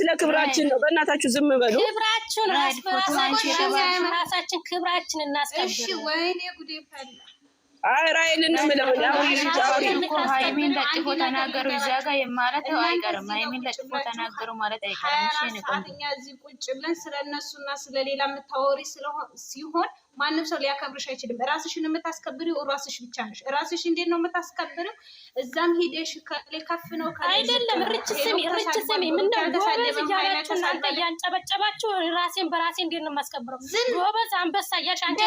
ስለ ክብራችን ነው። በእናታችሁ ዝም በሉ። ክብራችን ራሳችን ክብራችን እናስቀብር። አይ ተናገሩ። አይቀርም። ተናገሩ ማለት እዚህ ቁጭ ብለን ስለ የምታወሪ ሲሆን ማንም ሰው ሊያከብርሽ አይችልም። ራስሽን የምታስከብሪው ራስሽ ብቻ ነሽ። ራስሽ እንዴት ነው የምታስከብሪው? እዛም ሂደሽ ከፍ ነው አይደለም። ርች ስሚ፣ ርች ስሚ፣ ምነው ጎበዝ እያላችሁ እናንተ እያንጨበጨባችሁ ራሴን በራሴ እንዴት ነው የማስከብረው? ጎበዝ አንበሳ እያልሽ አንቺ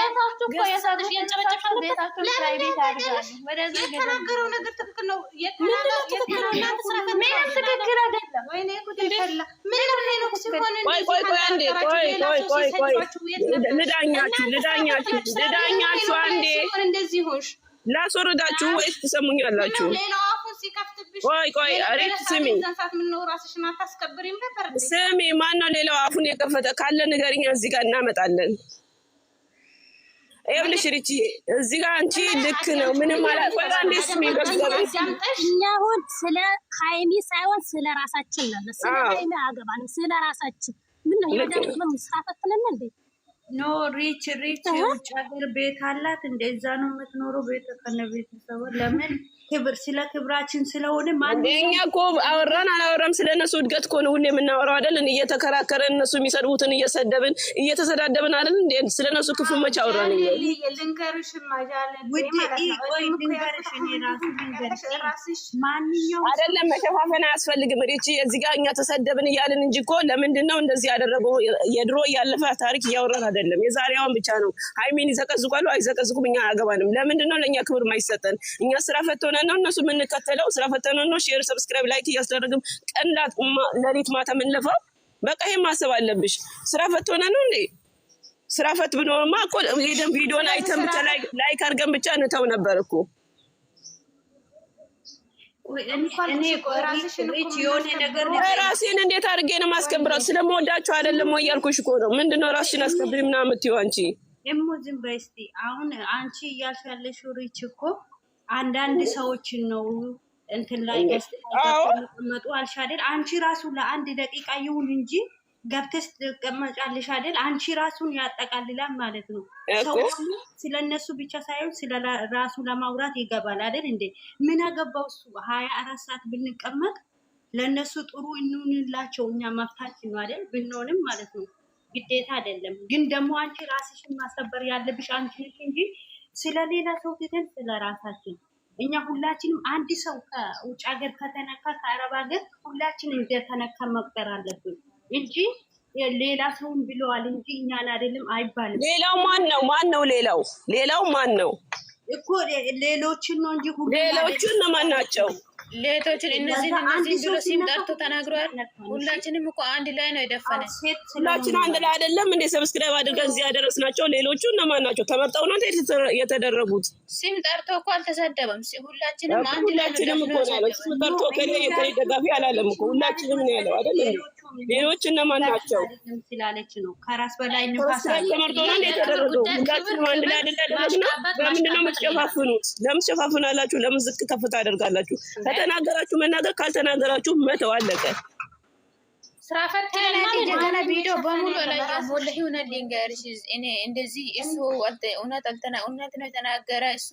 ገሳሽ እያንጨበጨብሽ የተናገረው ነገር ትክክል ነው። ልዳኛችሁ፣ ልዳኛችሁ፣ ልዳኛችሁ አንዴ እንደዚህ ሆንሽ ላስወርዳችሁ ወይስ ትሰሙኛላችሁ? ቆይ ቆይ፣ አሪፍ ስሚ ስሚ፣ ነው ሌላው አፉን የከፈተ ካለ ንገሪኛ፣ እዚህ ጋር እናመጣለን። ይኸውልሽ ሪቺ፣ እዚህ ጋር አንቺ ልክ ነው፣ ምንም ማለት ወራ እንዴስ እኛ አሁን ስለ ሀይሚ ሳይሆን ስለ ራሳችን ነው። ስለ ሀይሚ አገባንም ስለ ራሳችን ምን ነው የደረግነው ስራ እንዴ ኖ ሪች ሪች ውጭ ሀገር ቤት አላት እንደዛ ነው የምትኖረው ቤተ ከነ ቤተሰቡ ለምን ክብር ስለ ክብራችን ስለሆነ ማንኛ እኮ አወራን አላወራም ስለነሱ እድገት እኮ ነው ሁሌ የምናወራው አይደል? እየተከራከረን እነሱ የሚሰድቡትን እየሰደብን እየተሰዳደብን አይደል? ስለ እነሱ ክፉ መች አወራን? አይደለም መሸፋፈን አያስፈልግም። ሪቺ እዚህ ጋር እኛ ተሰደብን እያልን እንጂ እኮ ለምንድን ነው እንደዚህ ያደረገው? የድሮ እያለፈ ታሪክ እያወራን አይደለም። የዛሬዋን ብቻ ነው። ሀይሚን ይዘቀዝቋሉ አይዘቀዝቁም እኛ አያገባንም። ለምንድን ነው ለእኛ ክብር ማይሰጠን? እኛ ስራ ፈቶ ስለፈተነ ነው እነሱ የምንከተለው ስለፈተነ ነው። ሼር፣ ሰብስክራይብ፣ ላይክ እያስደረግም ቀንላት ለሊት ማታ ምንለፋው በቃ ይሄን ማሰብ አለብሽ። ስራ ፈትሆነ ነው እንዴ? ስራ ፈት ብኖርማ እኮ ሄደን ቪዲዮን አይተን ብቻ ላይክ አድርገን ብቻ እንተው ነበር እኮ። ራሴን እንዴት አድርጌ ነው የማስከብራት? ስለምወዳቸው አይደለም ወይ እያልኩሽ እኮ ነው። ምንድነው ራስሽን አስከብሪ ምናምን የምትይው አንቺ ደግሞ ዝም በይ እስኪ። አሁን አንቺ እያልሽ ያለሽው ሪች እኮ አንዳንድ ሰዎችን ነው እንትን ላይ ገስመጡ አልሻደል አንቺ ራሱ ለአንድ ደቂቃ ይሁን እንጂ ገብተሽ ትቀመጫለሽ አይደል? አንቺ ራሱን ያጠቃልላል ማለት ነው። ሰው ስለ እነሱ ብቻ ሳይሆን ስለ ራሱ ለማውራት ይገባል አይደል? እንዴ ምን አገባው እሱ? ሀያ አራት ሰዓት ብንቀመጥ ለእነሱ ጥሩ እንሁንላቸው እኛ መብታችን ነው አይደል? ብንሆንም ማለት ነው ግዴታ አይደለም። ግን ደግሞ አንቺ ራስሽን ማስከበር ያለብሽ አንቺ ነሽ እንጂ ስለሌላ ሰው ትተን ስለራሳችን እኛ ሁላችንም አንድ ሰው ከውጭ ሀገር ከተነካ ከአረብ ሀገር ሁላችን እንደተነካ መቅበር አለብን እንጂ ሌላ ሰውን ብለዋል እንጂ እኛን አይደለም አይባልም። ሌላው ማን ነው? ማን ነው? ሌላው ሌላው ማን ነው እኮ ሌሎችን ነው እንጂ ሌሎችን ማን ናቸው? ሌቶችን እነዚህን እነዚህን ብሎ ሲም ጠርቶ ተናግሯል። ሁላችንም እኮ አንድ ላይ ነው የደፈነ። ሁላችን አንድ ላይ አይደለም እንዴ? ሰብስክራይብ አድርገን እዚህ ያደረስ ናቸው። ሌሎቹ እነማን ናቸው? ተመርጠው ነው የተደረጉት? ሲም ጠርቶ እኮ አልተሰደበም። ሁላችንም አንድ ላይ ነው። ሁላችንም እኮ ነው ሲም ጠርቶ ከሌ የተደጋፊ አላለም እኮ ሁላችንም ነው ያለው አይደለም ሌሎች እነማን ናቸው? ስላለች ነው ከራስ በላይ ተመርጦ ነው የተደረገው። ሁላችንም አንድ ላይ አይደል ያደረግነው? ለምንድን ነው የምትሸፋፍኑት? ለምን ትሸፋፍናላችሁ? ለምን ዝቅ ከፍ ታደርጋላችሁ? ከተናገራችሁ መናገር፣ ካልተናገራችሁ መተው። አለቀ። ስራ ፈተና ቪዲዮ በሙሉ ወላሂ እውነት ልንገርሽ፣ እኔ እንደዚህ እሱ እውነት እውነት ነው የተናገረ እሱ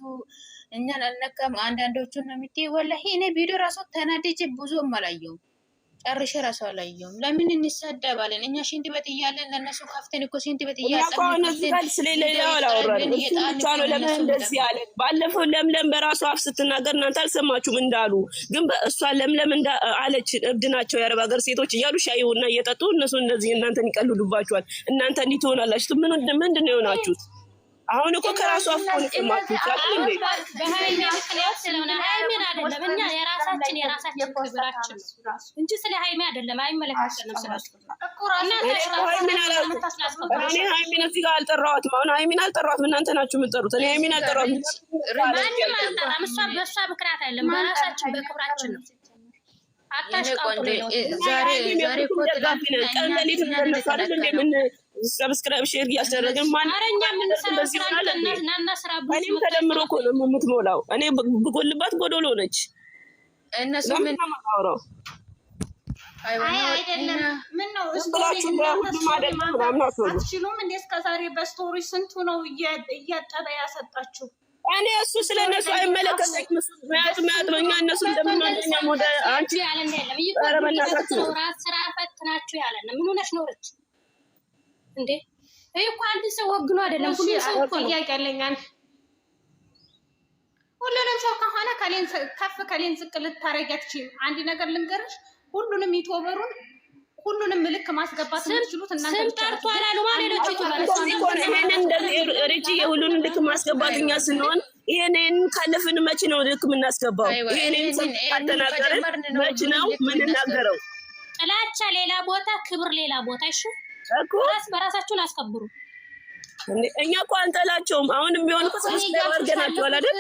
እኛን አልነካም። አንዳንዶቹን ነው የምትይ። ወላሂ እኔ ቪዲዮ ራሱ ተናድጄ ብዙ አላየሁም። ጨርሼ ራሱ አላየሁም። ለምን እንሳደባለን? እኛ ሽንት ቤት እያለን ለእነሱ ከፍተን እኮ ሽንት ቤት እያለን ስለሌላው አላወራንም። ብቻ ነው ለምን እንደዚህ አለ። ባለፈው ለምለም በራሱ አፍ ስትናገር እናንተ አልሰማችሁም እንዳሉ ግን በእሷ ለምለም አለች እብድ ናቸው የአረብ ሀገር ሴቶች እያሉ ሻይውና እየጠጡ እነሱ እንደዚህ እናንተን ይቀልሉባችኋል፣ እናንተ እንዲህ ትሆናላችሁ። ምንድን ነው የሆናችሁት? አሁን እኮ ከራሱ በሀይሚ ምክንያት ስለሆነ አይደለም እኛ የራሳችን የራሳችን ክብራችን እንጂ ስለ ጋር አልጠራኋትም። አሁን ሀይሚን አልጠራኋትም። እናንተ ናችሁ የምጠሩት። እኔ ሀይሚን አልጠራኋትም። አልጠራም። በእሷ ምክንያት አይደለም፣ በራሳችን በክብራችን ነው። አታሽቃ ዛሬ ዛሬ ቆጥላ ቀን ለሌት እንደነሳ አይደል እንደምን ሰብስክራይብ ሼር እያስደረግን እኔም ተደምሮ እኮ ነው የምትሞላው። እኔ ብጎልባት ጎዶሎ ነች። እንዴ? በስቶሪ ስንቱ ነው እያጠበ ያሰጣችሁ? እኔ እሱ ስለ እነሱ አይመለከተኝም። እነሱ ያለ ያለም ስራ ፈትናችሁ ያለ ምን ሆነሽ ኖረች እንዴ ይህ እኮ አንድ ሰው ወግኖ አይደለም። ሁሉ ሰው እኮ ጥያቄ አለኝ። ሁሉንም ሰው ከሆነ ከሌን ከፍ ከሌን ዝቅ ልታረጊ አትችይም። አንድ ነገር ልንገርሽ፣ ሁሉንም ይቶበሩን ሁሉንም ምልክ ማስገባት የምትችሉት እናንተ ስም ጠርቷል አሉ ማለት ነው። ጭቱ እንደዚህ ሁሉንም ልክ ማስገባት እኛ ስንሆን ይሄንን ካለፍን መቼ ነው ልክ የምናስገባው? ይሄንን ካተናገረን መቼ ነው የምንናገረው? ጥላቻ ሌላ ቦታ፣ ክብር ሌላ ቦታ። እሺ ራስ በራሳችሁን አስከብሩ። እኛ እኮ አንጠላቸውም። አሁን የሚሆን ቁስ ላይ ወርገናቸዋል አይደል?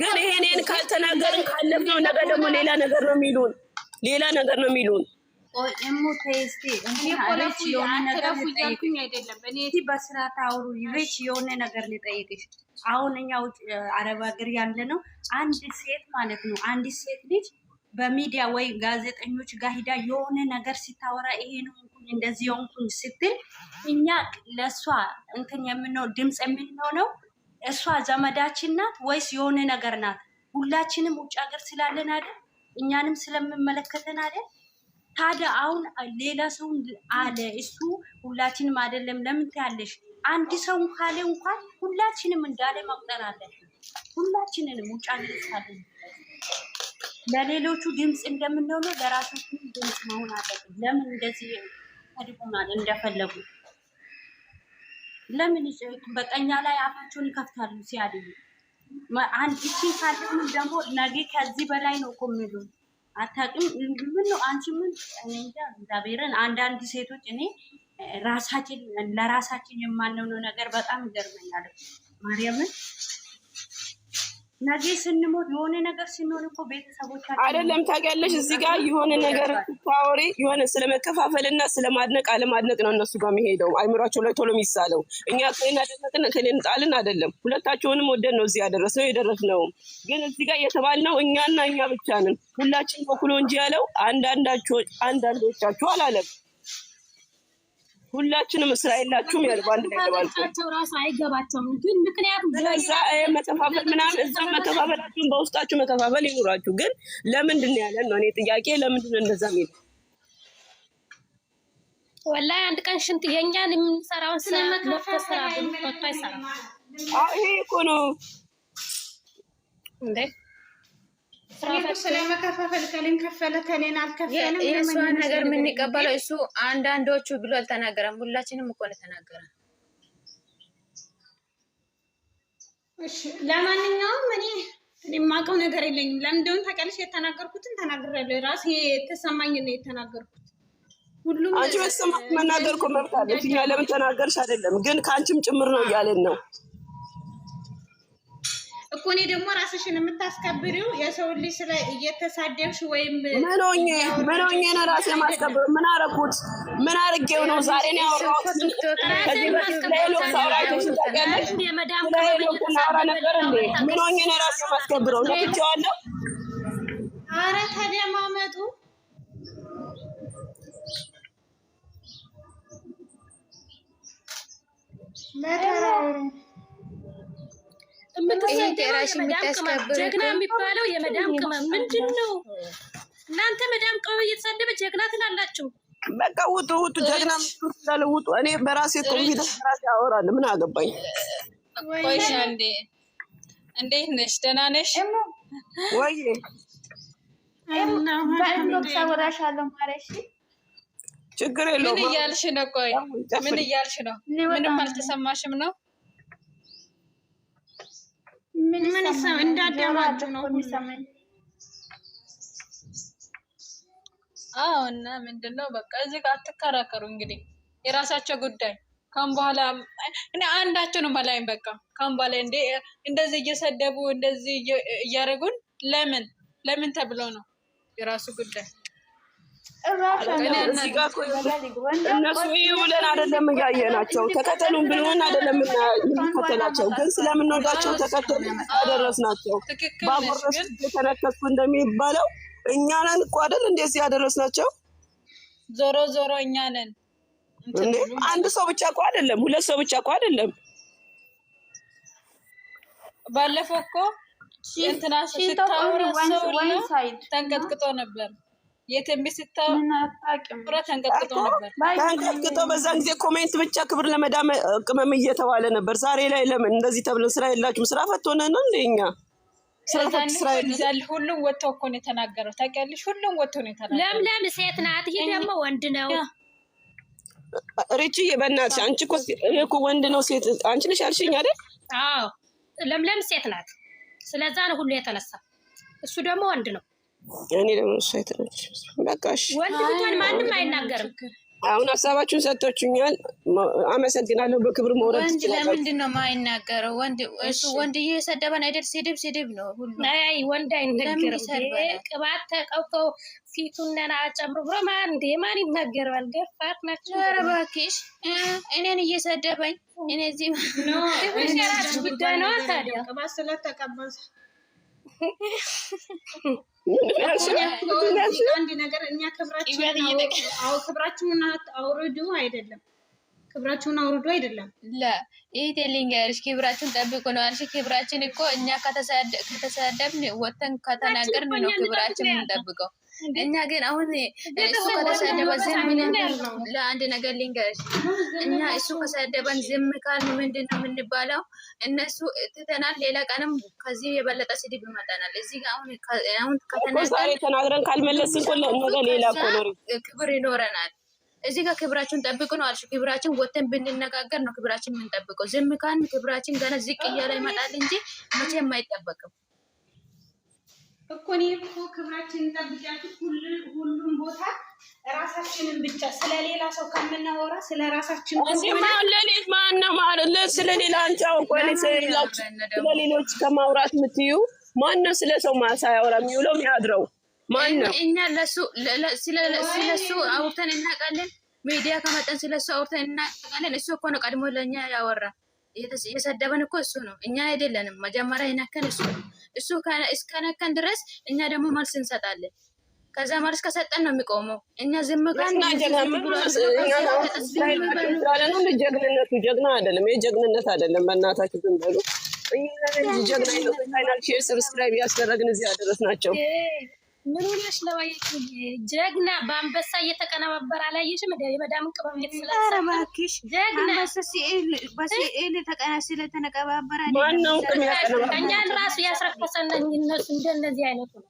ግን ይሄንን ካልተናገርን ካለፍነው ነገ ደግሞ ሌላ ነገር ነው የሚሉን፣ ሌላ ነገር ነው የሚሉን። በስርዓት አውሩ። ይበሽ የሆነ ነገር ልጠይቅሽ። አሁን እኛ አረብ ሀገር ያለ ነው አንድ ሴት ማለት ነው አንድ ሴት ልጅ በሚዲያ ወይ ጋዜጠኞች ጋር ሂዳ የሆነ ነገር ሲታወራ ይሄን ሆንኩኝ እንደዚህ ሆንኩኝ ስትል እኛ ለእሷ እንትን የምንሆን ድምፅ የምንሆነው እሷ ዘመዳችን ናት ወይስ የሆነ ነገር ናት? ሁላችንም ውጭ ሀገር ስላለን አይደል? እኛንም ስለምመለከተን አይደል? ታዲያ አሁን ሌላ ሰውን አለ እሱ ሁላችንም አይደለም። ለምን ትያለሽ? አንድ ሰው ካለ እንኳን ሁላችንም እንዳለ መቁጠር አለን። ሁላችንንም ውጭ ሀገር ስላለን ለሌሎቹ ድምፅ እንደምንሆነ ለራሳችን ድምፅ መሆን አለብን። ለምን እንደዚህ አድቁናል? እንደፈለጉ ለምን በቀኛ ላይ አፋቸውን ይከፍታሉ ሲያድሉ አንድ እቺን ካለም ደግሞ ነገ ከዚህ በላይ ነው እኮ የሚሉን። አታውቅም ምን ነው አንቺ ምን እንጃ። እግዚአብሔርን አንዳንድ ሴቶች እኔ ራሳችን ለራሳችን የማንሆነው ነገር በጣም ይገርመኛል ማርያምን ነገ ስንሞት የሆነ ነገር ስንሆን እኮ ቤተሰቦቻችን አይደለም ታውቂያለሽ። እዚህ ጋር የሆነ ነገር ታወሪ የሆነ ስለመከፋፈል ስለመከፋፈልና ስለማድነቅ አለማድነቅ ነው እነሱ ጋር የሚሄደው አይምሯቸው ላይ ቶሎ የሚሳለው። እኛ ከን አደነቅን ከን ጣልን አይደለም። ሁለታቸውንም ወደን ነው እዚህ ያደረስነው የደረስነውም። ግን እዚህ ጋር የተባልነው እኛና እኛ ብቻ ነን። ሁላችን በኩሎ እንጂ ያለው አንዳንዳቸው አንዳንዶቻቸው አላለም። ሁላችንም እስራኤል ናችሁም ያል በአንድ ላይ ገባቸው ራሱ አይገባቸውም። ግን ምክንያቱም መከፋፈል ምናምን እዛ መከፋፈላችሁን በውስጣችሁ መከፋፈል ይኑራችሁ። ግን ለምንድን ያለን ነው እኔ ጥያቄ ለምንድን እንደዛ ሚል ወላሂ አንድ ቀን ሽንት የኛን የምንሰራውን ስለመከፋፈል ይሄ እኮ ነው እንዴ ስለመከፋፈል ከልን ከፈለ ከኔን አልከፈለም። የእሷን ነገር የምንቀበለው እሱ አንዳንዶቹ ብሎ አልተናገረም። ሁላችንም እኮ ነው የተናገረን። ለማንኛውም እኔ የማውቀው ነገር የለኝም። ለምንደሆን ተቀልሽ የተናገርኩትን ተናግሬያለሁ። ራሴ የተሰማኝ ነው የተናገርኩት። ሁሉም አንቺ በተሰማሽ መናገር እኮ መብት አለሽ። ለምን ተናገርሽ አይደለም፣ ግን ከአንቺም ጭምር ነው እያለን ነው እኮ እኔ ደግሞ ራስሽን የምታስከብሪው የሰው ልጅ ስለ እየተሳደብሽ ወይም ምኖኜ ምኖኜ ነው ራሴን የማስከብረው? ምን አረኩት? ምን አርጌው ነው ዛሬ ነው ያወራሁት? ሄሎናራ ነበር እንዴ? ምኖኜ ነው ራሴን የማስከብረው? ለብቻዋለሁ። አረ ታዲያ ማመጡ መተራሩ ጀግና የሚባለው የመዳም ቅመም ምንድን ነው? እናንተ መዳም ቅመም እየተሳደበ ጀግና ትላላችሁ። በቃ ውጡ ውጡ፣ ጀግና እንዳለ ውጡ። እኔ በራሴ ራሴ አወራለሁ። ምን አገባኝ? እንዴት ነሽ? ደህና ነሽ ወይ? ችግር የለውም። ምን እያልሽ ነው? ቆይ ምን እያልሽ ነው? ምንም አልተሰማሽም ነው ምን ነው አዎ እና ምንድን ነው በቃ እዚህ ጋር አትከራከሩ። እንግዲህ የራሳቸው ጉዳይ። ከም በኋላ እኔ በቃ ከም በኋላ እንደ እንደዚህ እየሰደቡ እንደዚህ እያደረጉን ለምን ለምን ተብሎ ነው የራሱ ጉዳይ። እነሱ ይህ ብለን አይደለም እያየናቸው ተከተሉን ብለን አይደለም የምንከተላቸው፣ ግን ስለምንወዳቸው ተከተሉ ያደረስናቸው። ባጎረሱ የተነከሱ እንደሚባለው እኛ ነን እኮ አይደል እንደዚህ ያደረስናቸው። ዞሮ ዞሮ እኛ ነን እንዴ። አንድ ሰው ብቻ እኮ አይደለም፣ ሁለት ሰው ብቻ እኮ አይደለም። ባለፈው እኮ እንትና ስታወራ ሰው ተንቀጥቅጦ ነበር። የትም በዛን ጊዜ ኮሜንት ብቻ ክብር ለመዳም ቅመም እየተባለ ነበር። ዛሬ ላይ ለምን እንደዚህ ተብለን ስራ የላችሁም ስራ ነው ሁሉም ወጥቶ እኮ ነው የተናገረው። ታውቂያለሽ፣ ሁሉም ወጥቶ ነው የተናገረው። ለምለም ሴት ናት፣ ይሄ ደግሞ ወንድ ነው። ሪችዬ በእናትሽ አንቺ እኮ ወንድ ነው ሴት አንቺ ነሽ አይደል? አዎ፣ ለምለም ሴት ናት። ስለዛ ነው ሁሉ የተነሳ። እሱ ደግሞ ወንድ ነው። እኔ ደግሞ እሷ የተነች በቃሽ። ወንድ ብትሆን ማንም አይናገርም። አሁን ሀሳባችሁን ሰጥቶችኛል፣ አመሰግናለሁ። በክብር መውረድ ወንድ ለምንድን ነው የማይናገረው? ወንድ እሱ ወንድ ይህ የሰደበን አይደል? ስድብ ስድብ ነው። አይ ወንድ አይናገርም። ቅባት ተቀብተው ፊቱነን አጨምሮ ብሎ እንዴ ማን ይናገረዋል? ገፋት ናቸው። ኧረ እባክሽ እኔን እየሰደበኝ እነዚህ ጉዳይ ነው ታዲያ ቅባት ስለተቀመሰ አንድ ነገር እኛ ክብራችሁን አውርዱ አይደለም ክብራችሁን አውርዱ አይደለም። ይህ ልንገርሽ፣ ክብራችሁን ጠብቁ ነው አልሽ። ክብራችን እኮ እኛ ከተሳደብን ወተን ከተናገርን ነው ክብራችን የምንጠብቀው። እኛ ግን አሁን እሱ ከተሰደበ ዝም ለአንድ ነገር ልንገርሽ፣ እኛ እሱ ከሰደበን ዝም ካል ምንድን ነው የምንባለው? እነሱ ትተናል። ሌላ ቀንም ከዚህ የበለጠ ስድብ ይመጣናል። እዚህ ጋር አሁን ተናግረን ካልመለስን ነገ ሌላ ክብር ይኖረናል። እዚህ ጋር ክብራችን ጠብቁ ነው አልሽ። ክብራችን ወተን ብንነጋገር ነው ክብራችን የምንጠብቀው። ዝም ካን ክብራችን ገና ዝቅ እያለ ይመጣል እንጂ መቼም አይጠበቅም። እኮ እኔ እኮ ክብራችንን እንጠብቂያችሁ። ሁሉም ቦታ ራሳችንን ብቻ ስለሌላ ሰው ከምናወራ ስለ ራሳችን ማነው ማለት ስለሌላ አንጫው እኮ ስለሌሎች ከማውራት የምትዩ ማነው ስለ ሰው ሳያወራ የሚውለው የሚያድረው ማነው? እኛ ለሱ ስለሱ አውርተን እናውቃለን። ሚዲያ ከመጠን ስለሱ አውርተን እናውቃለን። እሱ እኮ ነው ቀድሞ ለእኛ ያወራ። የሰደበን እኮ እሱ ነው፣ እኛ አይደለንም። መጀመሪያ ይናከን እሱ ነው እሱ እስከነከን ድረስ እኛ ደግሞ መልስ እንሰጣለን። ከዛ መልስ ከሰጠን ነው የሚቆመው። እኛ ዝም ጀግንነቱ ጀግና አይደለም፣ ይህ ጀግንነት አይደለም። በእናታችሁ ዝም በሉ። ጀግና ፋይናል ሼር ሰብስክራይብ ያስደረግን እዚህ ያደረስ ናቸው። ምን ሆነሽ ነው? ጀግና በአንበሳ እየተቀነባበረ አላየሽም? የመዳም ቅመም እየተስላሰረማኪሽ ጀግና በሲኤል ስለተነቀባበረ እኛን ራሱ ያስረከሰን እነሱ እንደነዚህ አይነቱ ነው።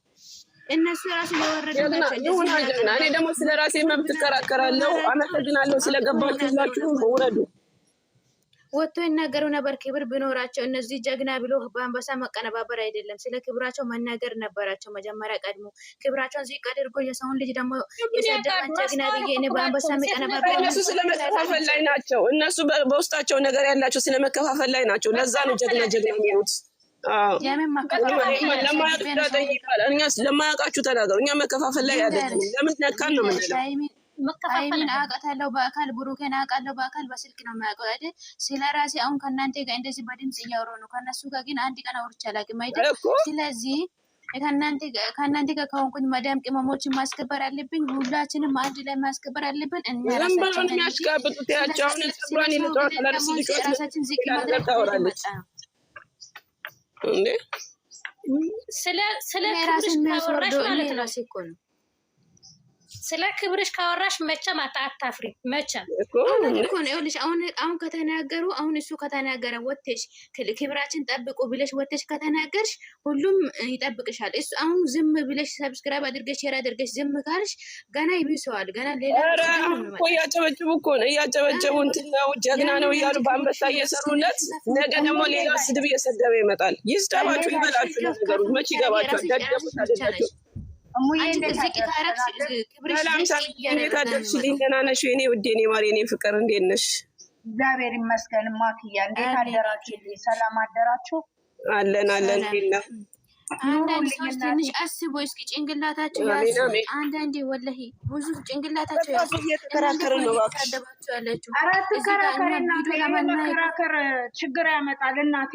እነሱ ራሱ የወረደሆና ጀግና። እኔ ደግሞ ስለ ራሴ መብት እከራከራለሁ። አመሰግናለሁ ስለገባችሁላችሁ። ውረዱ ወጥቶ ይናገሩ ነበር። ክብር ቢኖራቸው እነዚህ ጀግና ብሎ በአንበሳ መቀነባበር አይደለም፣ ስለ ክብራቸው መናገር ነበራቸው። መጀመሪያ ቀድሞ ክብራቸውን ዝቅ አድርጎ የሰውን ልጅ ደግሞ የሰደቀን ጀግና ብዬ እኔ በአንበሳ መቀነባበር እነሱ ስለመከፋፈል ላይ ናቸው። እነሱ በውስጣቸው ነገር ያላቸው ስለመከፋፈል ላይ ናቸው። ለዛ ነው ጀግና ጀግና የሚሉት። ለማያውቃችሁ ተናገሩ። እኛ መከፋፈል ላይ ያለ ለምን ነካን ነው ምንለው መከፋፈል አውቃታለሁ በአካል ብሩኬን አውቃለሁ በአካል በስልክ ነው የማያውቀው አይደል ስለ ራሴ አሁን ከእናንተ ጋር እንደዚህ በድምፅ እያወራሁ ነው ከእነሱ ጋር ግን አንድ ቀን አውርቼ አላውቅም አይደል ስለዚህ ከእናንተ ጋር ከሆንኩኝ መዳም ቅመሞችን ማስከበር አለብኝ ሁላችንም አንድ ላይ ማስከበር አለብን እራሳችን ዝቅ ማድረግ ስለ ራሴ የሚያስወርደው ራሴ ነው ስለ ክብርሽ ካወራሽ መቼም አታፍሪ። መቼም ይኸውልሽ፣ አሁን ከተናገሩ አሁን እሱ ከተናገረ ወተሽ ክብራችን ጠብቁ ብለሽ ወተሽ ከተናገርሽ ሁሉም ይጠብቅሻል። እሱ አሁን ዝም ብለሽ ሰብስክራይብ አድርገሽ ሼር አድርገሽ ዝም ካልሽ ገና ይብሰዋል። ገና ሌላ እያጨበጭቡ እኮ ነው እያጨበጨቡ፣ እንትን ነው ጀግና ነው እያሉ በአንበሳ እየሰሩለት፣ ነገ ደግሞ ሌላ ስድብ እየሰደበ ይመጣል። ይስደባችሁ ይበላችሁ። ነገሩ መች ይገባችኋል? ደደቡ ታደላቸው እንዴት ደህና ነሽ? የእኔ ውዴ የእኔ ማር የእኔ ፍቅር እንዴት ነሽ? እግዚአብሔር ይመስገን። ማክያ እንዴት አደራችሁልኝ? ሰላም አደራችሁ? አለን አለን። እንዴት አንዳንድ ሰዎች ትንሽ አስቡ እስኪ ጭንቅላታቸው አንዳንዴ ወላሂ ብዙ ጭንቅላታቸው ያስደባቸዋለችው። ኧረ ችግር ያመጣል እናቴ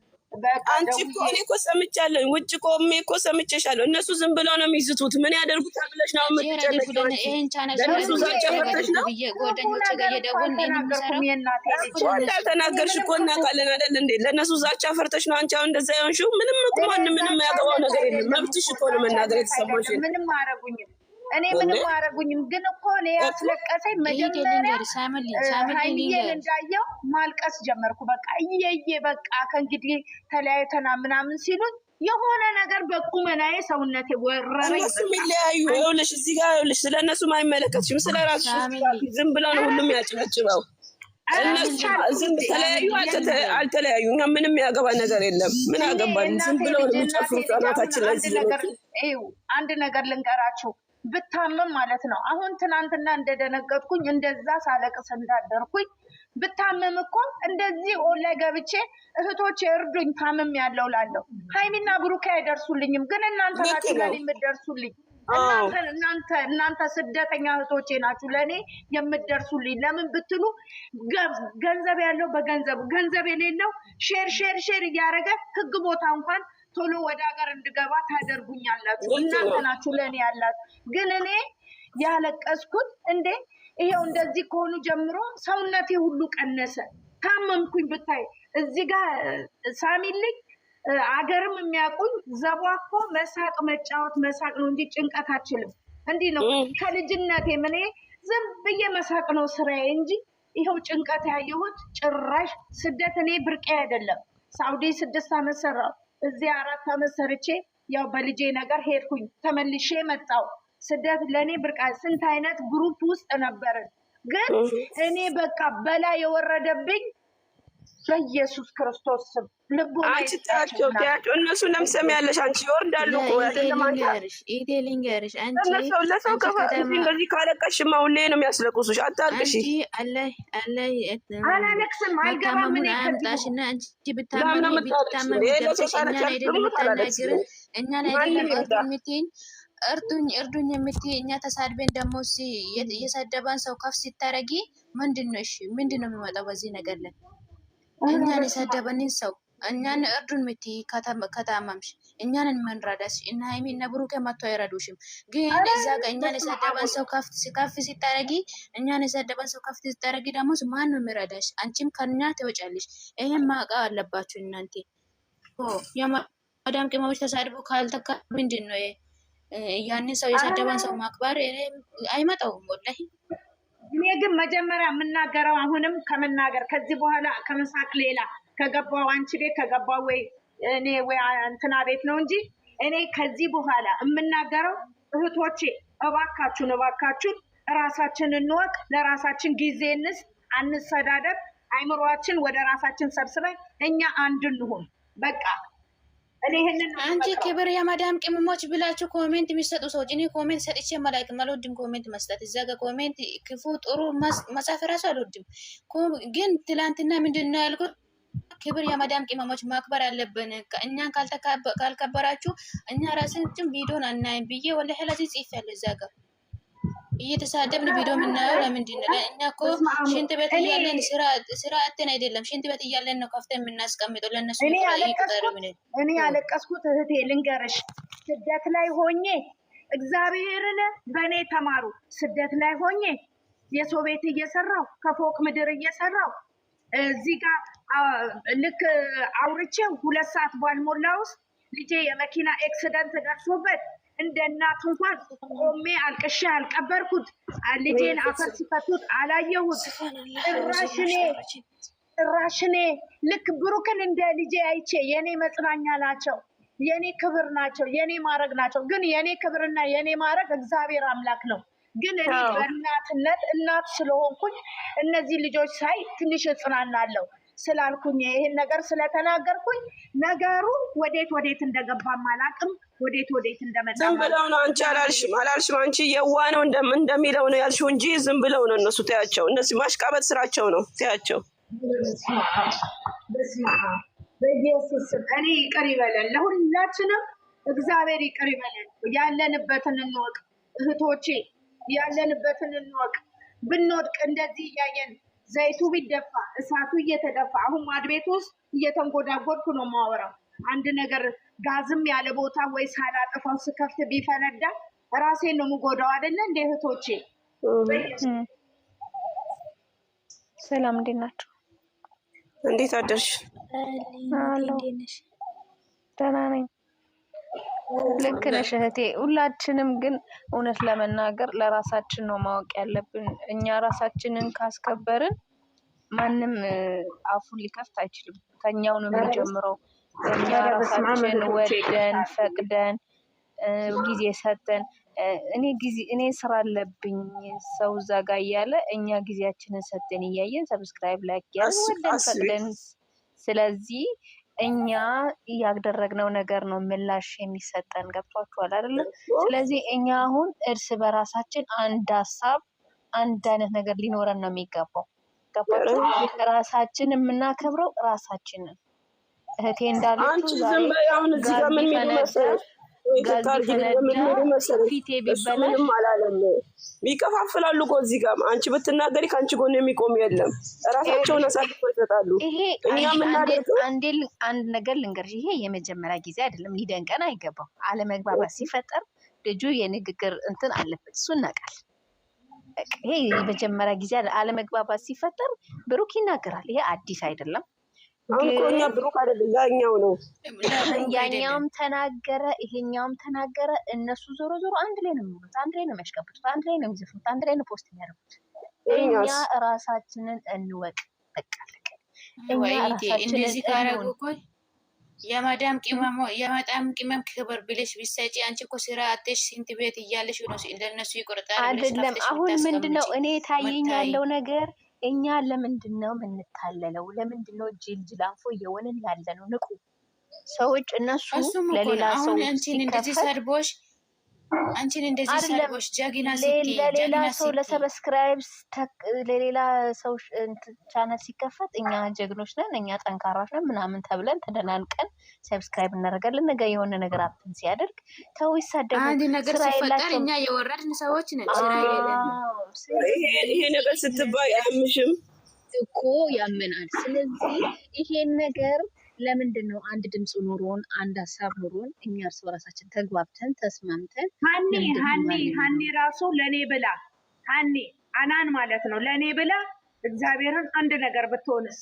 አንቺ እኮ እኔ እኮ ሰምቻለሁ፣ ውጭ ቆሜ እኮ ሰምቼሻለሁ። እነሱ ዝም ብለው ነው የሚዝቱት። ምን ያደርጉታል ብለሽ ነው የምትጨነቂው? ነው ጓደኞቼ ጋር እየደወልን እንዳልተናገርሽ እኮ እናውቃለን አይደል እንዴ? ለእነሱ ዛቻ ፈርተሽ ነው አንቺ አሁን እንደዛ የሆንሽው። ምንም እኮ ማንም ምንም ያገባው ነገር የለም። መብትሽ እኮ ነው መናገር የተሰማሽ ምንም አያረጉኝም እኔ ምንም አረጉኝም፣ ግን እኮ እኔ ያስለቀሰኝ መጀመሪያ እንዳየው ማልቀስ ጀመርኩ። በቃ እየዬ በቃ ከእንግዲህ ተለያይተና ምናምን ሲሉኝ የሆነ ነገር በቁመናዬ ሰውነቴ ወረረ። እነሱ የሚለያዩ ይኸውልሽ፣ እዚህ ጋር ይኸውልሽ፣ ስለ እነሱ አይመለከትሽም፣ ስለ ራሱ ዝም ብለው ነው ሁሉም ያጭበጭበው። እነሱ ዝም ተለያዩ አልተለያዩ፣ እኛ ምንም ያገባ ነገር የለም። ምን አገባን? ዝም ብለው ላይ አንድ ነገር ልንገራችሁ ብታምም ማለት ነው። አሁን ትናንትና እንደደነገጥኩኝ እንደዛ ሳለቅስ እንዳደርኩኝ ብታምም እኮ እንደዚህ ኦንላይ ገብቼ እህቶች እርዱኝ ታምም ያለው ላለው ሀይሚና ብሩኬ አይደርሱልኝም፣ ግን እናንተ ናችሁ ለኔ የምትደርሱልኝ እናንተ እናንተ ስደተኛ እህቶቼ ናችሁ ለእኔ የምትደርሱልኝ። ለምን ብትሉ ገንዘብ ያለው በገንዘቡ ገንዘብ የሌለው ሼር ሼር ሼር እያደረገ ህግ ቦታ እንኳን ቶሎ ወደ ሀገር እንድገባ ታደርጉኛላችሁ። እናንተ ናችሁ ለእኔ ያላችሁ። ግን እኔ ያለቀስኩት እንዴ ይሄው እንደዚህ ከሆኑ ጀምሮ ሰውነቴ ሁሉ ቀነሰ። ታመምኩኝ ብታይ እዚህ ጋር ሳሚልኝ አገርም የሚያውቁኝ ዘቧ እኮ መሳቅ መጫወት መሳቅ ነው እንጂ ጭንቀት አችልም። እንዲህ ነው ከልጅነቴ እኔ ዝም ብዬ መሳቅ ነው ስራዬ እንጂ ይኸው ጭንቀት ያየሁት ጭራሽ ስደት እኔ ብርቄ አይደለም። ሳውዲ ስድስት አመት ሰራው እዚህ አራት አመት ሰርቼ ያው በልጄ ነገር ሄድኩኝ ተመልሼ መጣው። ስደት ለእኔ ብርቃ ስንት አይነት ግሩፕ ውስጥ ነበርን፣ ግን እኔ በቃ በላይ የወረደብኝ በኢየሱስ ክርስቶስ ስም ልቦናቸው ትያቸው ትያቸው። እነሱን ያለሽ አንቺ ይወርዳሉ። ልንገርሽ ለሰው እንደዚህ ካለቀሽማ ሁሌ ነው የሚያስለቅሱሽ። አታልቅሽ። አላለቅስም። እርዱኝ እርዱኝ የምትይ እኛ ተሳድቤን ደግሞ የሰደባን ሰው ከፍ ሲታረጊ ምንድን ነው? እሺ ምንድን ነው የሚመጣው በዚህ ነገር ላይ? እኛን የሰደበንን ሰው እኛን እርዱን ምት ከታማምሽ እኛን መንራዳሽ እና ሀይሚ እና ብሩኬ መጥቶ አይረዱሽም። ግን እዛ ጋ እኛን የሰደበን ሰው ከፍ ሲታረጊ እኛን የሰደበን ሰው ከፍ ሲታረጊ ደግሞ ማን ነው የሚረዳሽ? አንቺም ከኛ ትወጫለሽ። ይህም ማቃ አለባችሁ እናንቴ የማዳም ቅመሞች ተሳድቦ ካልተካ ምንድን ነው ያንን ሰው የሰደበን ሰው ማክበር አይመጣውም ወላሂ እኔ ግን መጀመሪያ የምናገረው አሁንም ከመናገር ከዚህ በኋላ ከመሳቅ ሌላ ከገባው አንቺ ቤት ከገባው ወይ እኔ ወይ እንትና ቤት ነው እንጂ እኔ ከዚህ በኋላ የምናገረው እህቶቼ፣ እባካችሁን እባካችሁን ራሳችን እንወቅ፣ ለራሳችን ጊዜ እንስ አንሰዳደብ፣ አይምሯችን ወደ ራሳችን ሰብስበን እኛ አንድ እንሁን በቃ። አንቺ ክብር የማዳም ቅምሞች ብላችሁ ኮሜንት የሚሰጡ ሰዎች፣ እኔ ኮሜንት ሰጥቼ አላውቅም። አልወድም ኮሜንት መስጠት። እዛ ጋ ኮሜንት ክፉ ጥሩ መጻፍ ራሱ አልወድም። ግን ትላንትና ምንድን ነው ያልኩት? ክብር የማዳም ቅመሞች ማክበር አለብን። እኛን ካልከበራችሁ እኛ ራሳችን ቪዲዮን አናይም ብዬ ወለ ወላሂ ጽፍ ያለ እዛ ጋር እየተሳደብን ቪዲዮ የምናየው ለምንድን ነው? እኛ እኮ ሽንት ቤት እያለን ስራ አጥተን አይደለም። ሽንት ቤት እያለን ነው ከፍተን የምናስቀምጠው ለእነሱ። እኔ ያለቀስኩት እህቴ ልንገርሽ፣ ስደት ላይ ሆኜ እግዚአብሔርን በእኔ ተማሩ። ስደት ላይ ሆኜ የሰው ቤት እየሰራው ከፎቅ ምድር እየሰራው እዚህ ጋር ልክ አውርቼ ሁለት ሰዓት ባልሞላ ውስጥ ልጄ የመኪና ኤክሲደንት ደርሶበት እንደ እናት እንኳን ቆሜ አልቅሼ አልቀበርኩት። ልጄን አፈር ሲፈቱት አላየሁት። ጭራሽኔ ጭራሽኔ ልክ ብሩክን እንደ ልጄ አይቼ የኔ መጽናኛ ናቸው፣ የኔ ክብር ናቸው፣ የኔ ማድረግ ናቸው። ግን የኔ ክብርና የኔ ማድረግ እግዚአብሔር አምላክ ነው። ግን እኔ በእናትነት እናት ስለሆንኩኝ እነዚህ ልጆች ሳይ ትንሽ እጽናናለሁ ስላልኩኝ ይህን ነገር ስለተናገርኩኝ ነገሩ ወዴት ወዴት እንደገባም አላቅም። ወዴት ወዴት እንደመጣ ዝም ብለው ነው። አንቺ አላልሽም አላልሽም። አንቺ የዋ ነው እንደሚለው ነው ያልሽው እንጂ ዝም ብለው ነው እነሱ። ተያቸው፣ እነዚህ ማሽቃበጥ ስራቸው ነው። ተያቸው። በኢየሱስ እኔ ይቅር ይበለን፣ ለሁላችንም እግዚአብሔር ይቅር ይበለን። ያለንበትን እንወቅ እህቶቼ፣ ያለንበትን እንወቅ። ብንወድቅ እንደዚህ እያየን ዘይቱ ቢደፋ እሳቱ እየተደፋ አሁን ማድቤት ውስጥ እየተንጎዳጎድኩ ነው ማወራው አንድ ነገር ጋዝም ያለ ቦታ ወይ ሳላጠፋው ስከፍት ቢፈነዳ ራሴን ነው የምጎዳው አይደለ እንደ እህቶቼ። ሰላም እንዴት ናቸው? እንዴት አደርሽ? ደህና ነኝ። ልክ ነሽ እህቴ። ሁላችንም ግን እውነት ለመናገር ለራሳችን ነው ማወቅ ያለብን። እኛ ራሳችንን ካስከበርን ማንም አፉን ሊከፍት አይችልም። ከኛው ነው የሚጀምረው። እኛ ራሳችን ወደን ፈቅደን ጊዜ ሰጠን። እኔ ጊዜ እኔ ስራ አለብኝ ሰው እዛ ጋ እያለ እኛ ጊዜያችንን ሰጠን እያየን ሰብስክራይብ ላይክ እያልን ወደን ፈቅደን ስለዚህ እኛ ያደረግነው ነገር ነው ምላሽ የሚሰጠን። ገብቷችኋል አይደለ? ስለዚህ እኛ አሁን እርስ በራሳችን አንድ ሀሳብ፣ አንድ አይነት ነገር ሊኖረን ነው የሚገባው። ገባችሁ? ራሳችን የምናከብረው ራሳችንን እህቴ እንዳለችው ምንም አላለም። ይከፋፍላሉ እኮ እዚህ ጋር አንቺ ብትናገሪ ከአንቺ ጎን የሚቆም የለም። ራሳቸውን አሳልፎ ይሰጣሉ። እኛ ምናደርገው አንድ ነገር ልንገርሽ፣ ይሄ የመጀመሪያ ጊዜ አይደለም። ሊደንቀን አይገባም። አለመግባባት ሲፈጠር ልጁ የንግግር እንትን አለበት፣ እሱ እናውቃል። ይሄ የመጀመሪያ ጊዜ አለመግባባት ሲፈጠር ብሩክ ይናገራል። ይሄ አዲስ አይደለም። አንኮኛ ብሩክ አይደለም ያኛው ነው። ያኛውም ተናገረ፣ ይሄኛውም ተናገረ። እነሱ ዞሮ ዞሮ አንድ ላይ ነው የሚሉት፣ አንድ ላይ ነው የሚያሽቀብጡት፣ አንድ ላይ ነው የሚዘፍኑት፣ አንድ ላይ ነው ፖስት የሚያደርጉት። እኛ እራሳችንን እንወቅ። በቃ እንደዚህ ካረጉ እኮ የማዳም ቅመም የማዳም ቅመም ክብር ብለሽ ቢሰጪ አንቺ እኮ ስራ አጥተሽ ሲንት ቤት እያለሽ ነው ለእነሱ ይቆርጣል አይደለም። አሁን ምንድነው እኔ ታየኝ ያለው ነገር እኛ ለምንድን ነው የምንታለለው? ለምንድን ነው ጅል ጅል አንፎ እየሆንን ያለ ነው? ንቁ ሰዎች እነሱ ለሌላ ሰው ሲከፈት አንቺን እንደዚህ ጀግና ለሌላ ሰው ለሰብስክራይብ ለሌላ ሰው ቻናል ሲከፈት እኛ ጀግኖች ነን፣ እኛ ጠንካራች ነን ምናምን ተብለን ተደናንቀን ሰብስክራይብ እናደርጋለን። ነገ የሆነ ነገር አፕን ሲያደርግ ተው አንድ ነገር ሲፈጠር እኛ የወረድን ሰዎች ነን። ይሄ ነገር ስትባይ አያምሽም እኮ ያምናል። ስለዚህ ይሄን ነገር ለምንድን ነው አንድ ድምፅ ኑሮን አንድ ሀሳብ ኑሮን እኛ እርስ በራሳችን ተግባብተን ተስማምተን ሀኔ ሀኔ ሀኔ ራሱ ለእኔ ብላ ሀኔ አናን ማለት ነው ለእኔ ብላ እግዚአብሔርን አንድ ነገር ብትሆንስ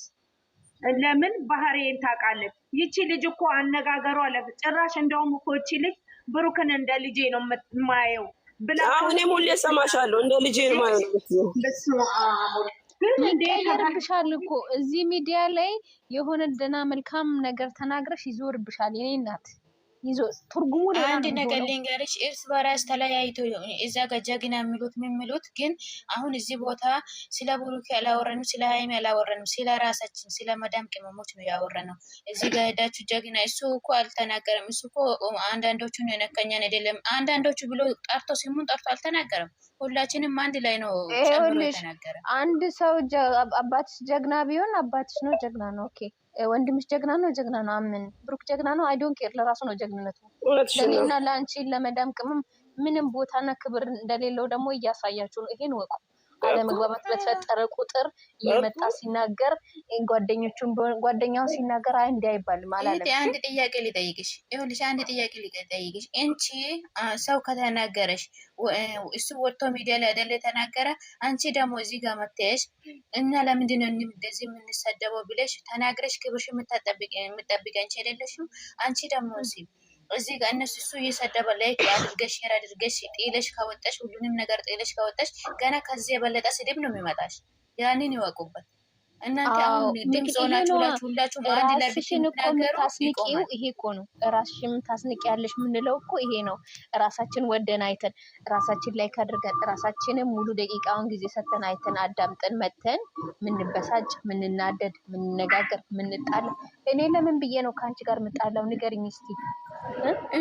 ለምን ባህሬን ታውቃለች። ይቺ ልጅ እኮ አነጋገሯ ጭራሽ እንደውም እኮ ይቺ ልጅ ብሩክን እንደ ልጄ ነው የማየው ብላ አሁን ሁሌ እሰማሻለሁ እንደ ልጄ ነው የማየው ይቀየርብሻል እኮ እዚህ ሚዲያ ላይ የሆነ ደህና መልካም ነገር ተናግረሽ ይዞርብሻል የኔ እናት። ይዞ ትርጉሙ አንድ ነገር ልንገርሽ፣ እርስ በራስ ተለያይቶ እዛ ጋ ጀግና የሚሉት የሚሉት ግን አሁን እዚህ ቦታ ስለ ቡሩኬ አላወረንም፣ ስለ ሀይሚ አላወረንም፣ ስለ ራሳችን ስለ መዳም ቅመሞች ነው ያወረ ነው። እዚህ ጋ ሄዳችሁ ጀግና እሱ እኮ አልተናገረም፣ እሱ እኮ አንዳንዶቹን የነከኛን አይደለም አንዳንዶቹ ብሎ ጠርቶ ስሙን ጠርቶ አልተናገረም። ሁላችንም አንድ ላይ ነው ጨምሮ የተናገረ። አንድ ሰው አባትሽ ጀግና ቢሆን አባትሽ ነው ጀግና ነው ኦኬ ወንድምሽ ጀግና ነው፣ ጀግና ነው። አምን ብሩክ ጀግና ነው። አይዶን ኬር ለራሱ ነው ጀግንነቱ። ለኔና ለአንቺ ለመዳም ቅመም ምንም ቦታና ክብር እንደሌለው ደግሞ እያሳያችሁ ነው። ይሄን ወቁ። አለመግባባት በተፈጠረ ቁጥር እየመጣ ሲናገር ጓደኞቹን ጓደኛውን ሲናገር አይ እንዲህ አይባልም አላለም። አንድ ጥያቄ ሊጠይቅሽ ይኸውልሽ፣ አንድ ጥያቄ ሊጠይቅሽ እንቺ ሰው ከተናገረሽ እሱ ወጥቶ ሚዲያ ላይ አይደለ የተናገረ፣ አንቺ ደግሞ እዚህ ጋር መታየሽ እና ለምንድን ነው እንደዚህ የምንሰደበው ብለሽ ተናግረሽ ክብርሽ የምጠብቅ አንቺ አይደለሽም። አንቺ ደግሞ እዚህ እዚህ ጋር እነሱ እሱ እየሰደበ ላይክ አድርገሽ ሼር አድርገሽ ጤለሽ ካወጣሽ ሁሉንም ነገር ጤለሽ ካወጣሽ ገና ከዚህ የበለጠ ስድብ ነው የሚመጣሽ። ያንን ይወቁበት። እናንተ አሁን ድምፅ ሆናችሁ ሁላችሁ ሁላችሁ በአንድ ላይ ብትናገሩ ይሄ እኮ ነው ራስሽን ታስንቂ ያለሽ የምንለው እኮ ይሄ ነው። ራሳችን ወደን አይተን ራሳችን ላይ ካድርገን ራሳችንም ሙሉ ደቂቃውን ጊዜ ሰተን አይተን አዳምጠን መተን ምንበሳጭ፣ ምንናደድ፣ ምንነጋገር፣ ምንጣላ እኔ ለምን ብዬ ነው ከአንቺ ጋር ምጣላው? ንገሪኝ እስኪ።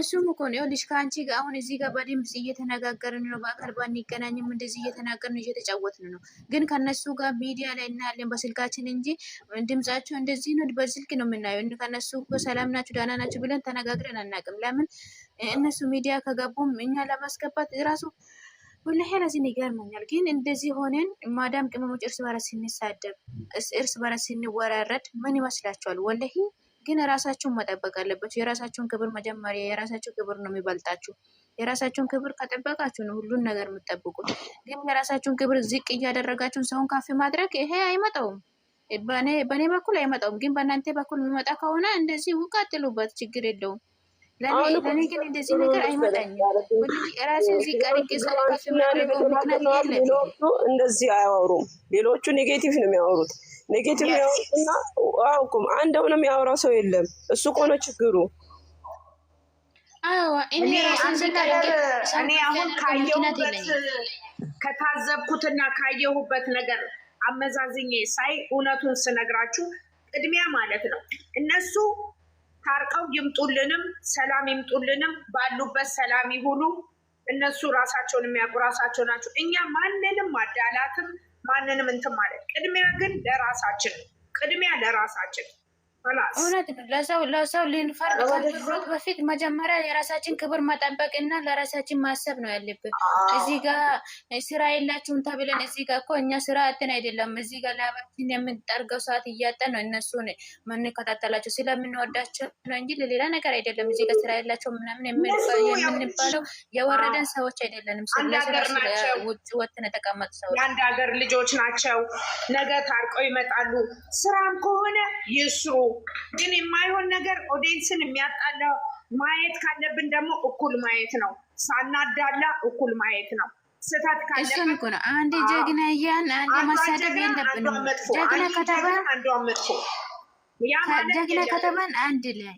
እሱም እኮ ነው ልጅ ከአንቺ ጋር አሁን እዚህ ጋር በድምፅ እየተነጋገርን ነው። በአካል ባንገናኝም እንደዚህ እየተናገርን እየተጫወትን ነው። ግን ከነሱ ጋር ሚዲያ ላይ እናያለን በስልካ ድምጻችን እንጂ ድምጻቸው እንደዚህ ነው፣ በስልክ ነው የምናየው። ከነሱ እኮ ሰላም ናችሁ ደህና ናችሁ ብለን ተነጋግረን አናውቅም። ለምን እነሱ ሚዲያ ከገቡም እኛ ለማስገባት ራሱ ሁላሄ ለዚህ ይገርመኛል። ግን እንደዚህ ሆነን ማዳም ቅመሞች እርስ በራስ ስንሳደብ፣ እርስ በራስ ስንወራረድ ምን ይመስላችኋል? ወለሂ ግን የራሳችሁን መጠበቅ አለባችሁ። የራሳችሁን ክብር መጀመሪያ የራሳችሁ ክብር ነው የሚበልጣችሁ። የራሳችሁን ክብር ከጠበቃችሁ ነው ሁሉን ነገር የምትጠብቁት። ግን የራሳችሁን ክብር ዝቅ እያደረጋችሁን ሰውን ካፌ ማድረግ ይሄ አይመጣውም። በእኔ በኩል አይመጣውም፣ ግን በእናንተ በኩል የሚመጣ ከሆነ እንደዚህ ቀጥሉበት፣ ችግር የለውም። ለእኔ ግን እንደዚህ ነገር አይመጣኝም። ራሴን እዚህ ቀርቄ እንደዚህ አያወሩም። ሌሎቹ ኔጌቲቭ ነው የሚያወሩት። ኔጌቲቭ ያወሩና አውቁም አንድ ሆነ የሚያወራ ሰው የለም። እሱ ቆኖ ችግሩ። እኔ አሁን ካየሁበት ከታዘብኩትና ካየሁበት ነገር አመዛዝኜ ሳይ እውነቱን ስነግራችሁ ቅድሚያ ማለት ነው እነሱ ታርቀው ይምጡልንም ሰላም ይምጡልንም ባሉበት ሰላም ይሁኑ። እነሱ ራሳቸውን የሚያውቁ ራሳቸው ናቸው። እኛ ማንንም አዳላትም ማንንም እንትን ማለት ቅድሚያ ግን ለራሳችን ቅድሚያ ለራሳችን እውነት ለሰው ለሰው ልንፈርድ ከመድሮት በፊት መጀመሪያ የራሳችን ክብር መጠበቅ እና ለራሳችን ማሰብ ነው ያለብን። እዚህ ጋ ስራ የላችሁም ተብለን እዚህ ጋ እኮ እኛ ስራ አጥተን አይደለም። እዚህ ጋ ላባችን የምንጠርገው ሰዓት እያጠን ነው እነሱን የምንከታተላቸው ስለምንወዳቸው ነው እንጂ ለሌላ ነገር አይደለም። እዚህ ጋ ስራ የላቸው ምናምን የምንባለው የወረደን ሰዎች አይደለንም። ውጭ ወጥተን የተቀመጡ ሰዎች የአንድ ሀገር ልጆች ናቸው። ነገ ታርቀው ይመጣሉ። ስራም ከሆነ ይስሩ ግን የማይሆን ነገር ኦዲየንስን የሚያጣለው ማየት ካለብን ደግሞ እኩል ማየት ነው። ሳናዳላ እኩል ማየት ነው። ስህተት ካለብን እኮ ነው። አንዴ ጀግና እያን አንዴ ማሳደብ የለብንም። ጀግና ከተባን አንዷን መጥፎ ጀግና ከተባን አንድ ላይ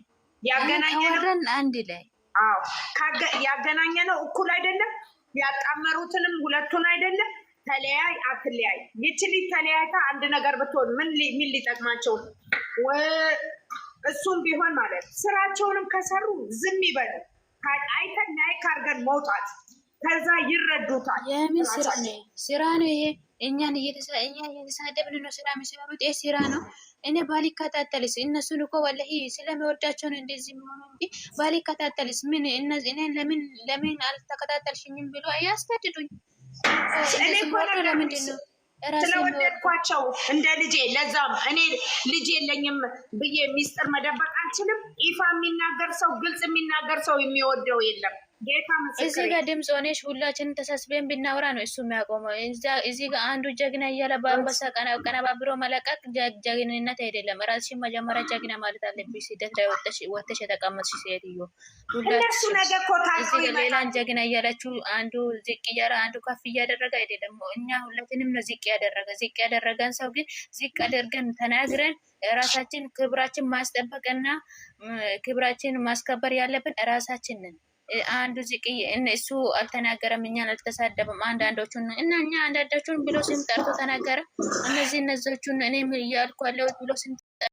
ያገናኘን አንድ ላይ ያገናኘነው እኩል አይደለም። ያጣመሩትንም ሁለቱን አይደለም ተለያይ አትለያይ። ይች ልጅ ተለያይታ አንድ ነገር ብትሆን ምን ሊጠቅማቸው? እሱም ቢሆን ማለት ስራቸውንም ከሰሩ ዝም ይበሉ። አይተን ናይክ አድርገን መውጣት፣ ከዛ ይረዱታል። የምን ስራ ነው? ስራ ነው ይሄ። እኛን እየተሳደብን ነው ስራ የሚሰሩት። ይህ ስራ ነው። እኔ ባል ይከታተልስ እነሱን እኮ ወላሂ ስለሚወዳቸው ነው እንደዚህ የሚሆኑ እንጂ ባል ይከታተልስ ምን እኔን ለምን ለምን አልተከታተልሽኝም ብሎ አያስገድዱኝ። እኔ እኮ ስለወደድኳቸው እንደ ልጄ ለዛም እኔ ልጅ የለኝም ብዬ ሚስጥር መደበቅ አልችልም። ይፋ የሚናገር ሰው ግልጽ የሚናገር ሰው የሚወደው የለም። እዚህ ጋር ድምፅ ሆነሽ ሁላችንን ተሳስበን ብናወራ ነው እሱ የሚያቆመው። እዚህ ጋር አንዱ ጀግና እያለ በአንበሳ ቀነባብሮ መለቀቅ ጀግንነት አይደለም። ራስሽ መጀመሪያ ጀግና ማለት አለብሽ። ስደት ላይ ወተሽ የተቀመጥሽ ሴትዮ ሌላን ጀግና እያለች አንዱ ዝቅ እያለ አንዱ ከፍ እያደረገ አይደለም። እኛ ሁላችንም ነው ዝቅ ያደረገ። ዝቅ ያደረገን ሰው ግን ዝቅ አደርገን ተናግረን ራሳችን ክብራችን ማስጠበቅና ክብራችን ማስከበር ያለብን ራሳችን ነን። አንዱ ዝቅ እነሱ አልተናገረም፣ እኛን አልተሳደበም። አንዳንዶቹን እና እኛ አንዳንዳችሁን ብሎ ስም ጠርቶ ተናገረ። እነዚህ እነዚቹን እኔም ምን ብሎ ስም